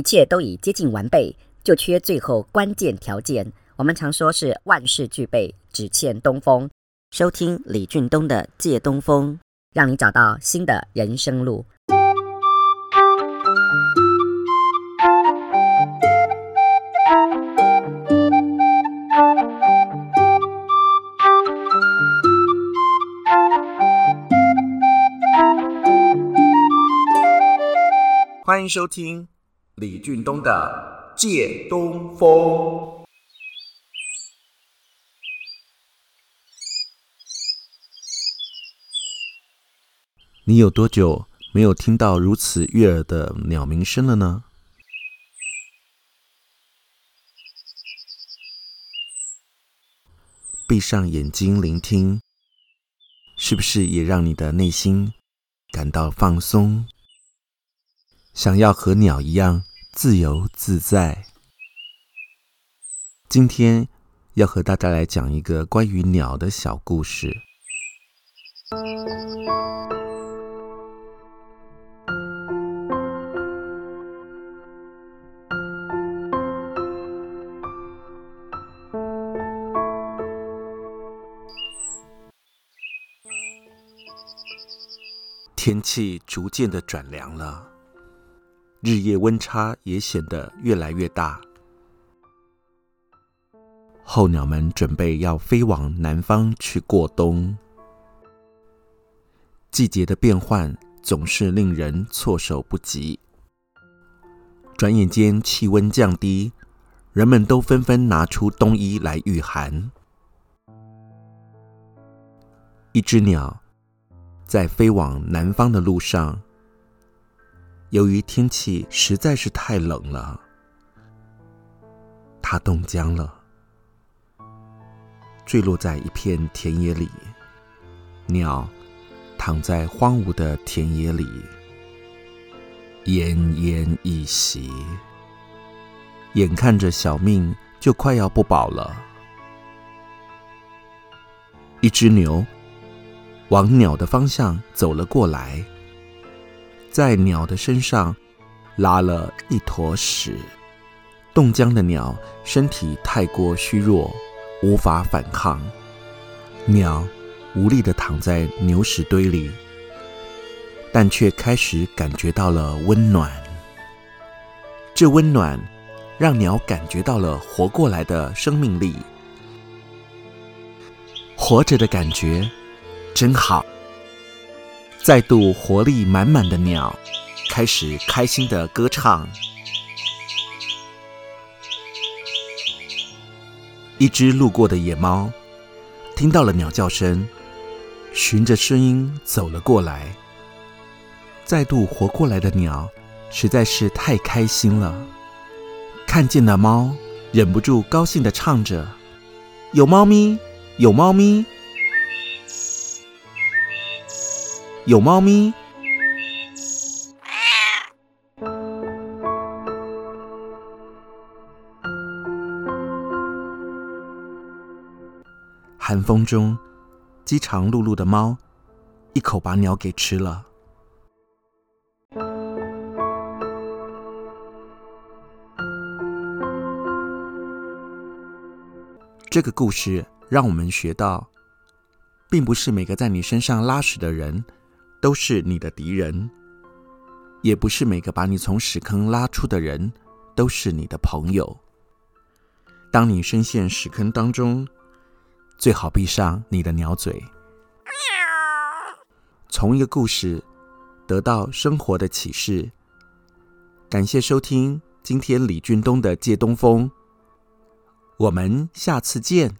一切都已接近完備，就缺最後關鍵條件。我們常說“是萬事俱備，只欠東風”。收聽李俊東的《借東風》，讓你找到新的人生路。歡迎收聽。李俊東的《借東風》，你有多久沒有聽到如此悅耳的鳥鳴聲了呢？閉上眼睛聆聽，是不是也讓你的內心感到放鬆？想要和鳥一樣，自由自在。今天要和大家來講一個關於鳥的小故事。天氣逐漸的轉涼了。日夜溫差也顯得越來越大，候鳥們準備要飛往南方去過冬。季節的變換總是令人措手不及，轉眼間氣溫降低，人們都紛紛拿出冬衣來禦寒。一隻鳥在飛往南方的路上。由於天氣實在是太冷了，它凍僵了，墜落在一片田野裡。鳥躺在荒蕪的田野裡，奄奄一息，眼看着小命就快要不保了。一只牛往鳥的方向走了過來。在鳥的身上拉了一坨屎，凍僵的鳥身體太過虛弱，無法反抗。鳥無力地躺在牛屎堆裡，但卻開始感覺到了溫暖。這溫暖讓鳥感覺到了活過來的生命力，活着的感覺真好。再度活力滿滿的鳥，開始開心地歌唱。一隻路過的野貓聽到了鳥叫聲，循着聲音走了過來。再度活過來的鳥實在是太開心了，看見了貓，忍不住高興地唱着：“有貓咪，有貓咪。”有貓咪，啊、寒風中饑腸轆轆的貓，一口把鳥給吃了。這個故事讓我們學到，並不是每個在你身上拉屎的人。都是你的敵人，也不是每個把你從屎坑拉出的人都是你的朋友。當你深陷屎坑當中，最好閉上你的鳥嘴。喵。從一個故事得到生活的啟示，感謝收聽今天李俊東的借東風，我們下次見。